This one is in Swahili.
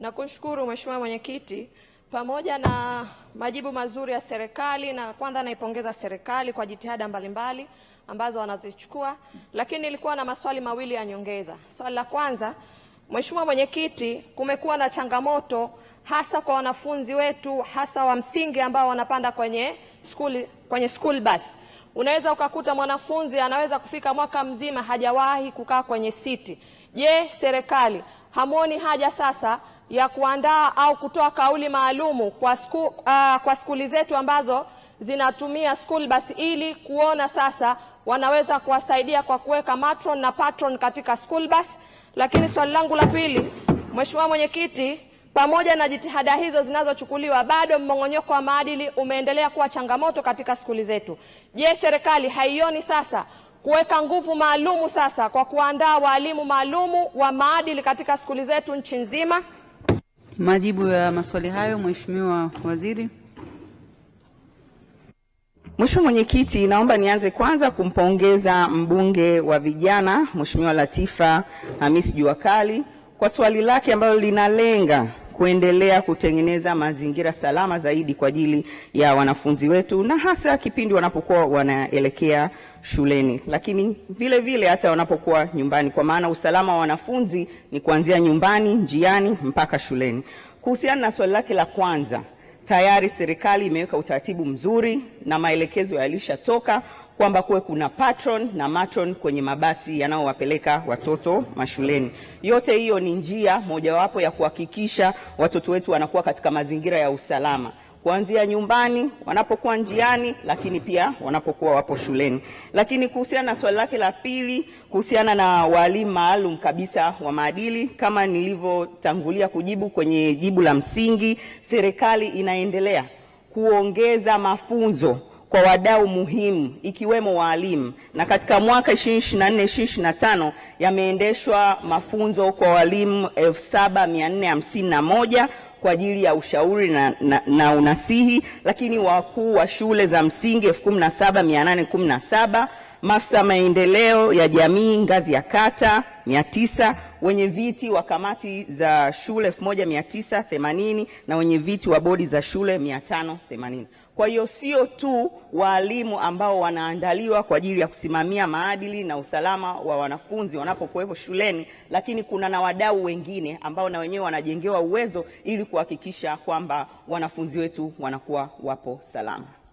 Nakushukuru Mheshimiwa Mwenyekiti, pamoja na majibu mazuri ya serikali, na kwanza naipongeza serikali kwa jitihada mbalimbali ambazo wanazichukua, lakini nilikuwa na maswali mawili ya nyongeza. Swali la kwanza, Mheshimiwa Mwenyekiti, kumekuwa na changamoto hasa kwa wanafunzi wetu hasa wa msingi ambao wanapanda kwenye school, kwenye school bus unaweza ukakuta mwanafunzi anaweza kufika mwaka mzima hajawahi kukaa kwenye siti. Je, serikali hamwoni haja sasa ya kuandaa au kutoa kauli maalumu kwa, sku, uh, kwa skuli zetu ambazo zinatumia school bus ili kuona sasa wanaweza kuwasaidia kwa kuweka matron na patron katika school bus. Lakini swali langu la pili, Mheshimiwa Mwenyekiti, pamoja na jitihada hizo zinazochukuliwa bado mmong'onyoko wa maadili umeendelea kuwa changamoto katika skuli zetu. Je, serikali haioni sasa kuweka nguvu maalumu sasa kwa kuandaa waalimu maalumu wa maadili katika skuli zetu nchi nzima? Majibu ya maswali hayo Mheshimiwa Waziri. Mheshimiwa Mwenyekiti, naomba nianze kwanza kumpongeza mbunge wa vijana Mheshimiwa Latifa Hamis Juakali kwa swali lake ambalo linalenga kuendelea kutengeneza mazingira salama zaidi kwa ajili ya wanafunzi wetu na hasa kipindi wanapokuwa wanaelekea shuleni, lakini vile vile hata wanapokuwa nyumbani, kwa maana usalama wa wanafunzi ni kuanzia nyumbani, njiani mpaka shuleni. Kuhusiana na swali lake la kwanza, tayari serikali imeweka utaratibu mzuri na maelekezo yalishatoka kwamba kuwe kuna patron na matron kwenye mabasi yanayowapeleka watoto mashuleni. Yote hiyo ni njia mojawapo ya kuhakikisha watoto wetu wanakuwa katika mazingira ya usalama kuanzia nyumbani, wanapokuwa njiani, lakini pia wanapokuwa wapo shuleni. Lakini kuhusiana na swali lake la pili kuhusiana na walimu maalum kabisa wa maadili, kama nilivyotangulia kujibu kwenye jibu la msingi, serikali inaendelea kuongeza mafunzo kwa wadau muhimu ikiwemo waalimu, na katika mwaka 2024 2025 yameendeshwa mafunzo kwa walimu 7451 kwa ajili ya ushauri na, na, na unasihi, lakini wakuu wa shule za msingi 17817, maafisa maendeleo ya jamii ngazi ya kata 900 wenye viti wa kamati za shule 1980 na wenye viti wa bodi za shule 580. Kwa hiyo sio tu walimu ambao wanaandaliwa kwa ajili ya kusimamia maadili na usalama wa wanafunzi wanapokuwepo shuleni, lakini kuna na wadau wengine ambao na wenyewe wanajengewa uwezo ili kuhakikisha kwamba wanafunzi wetu wanakuwa wapo salama.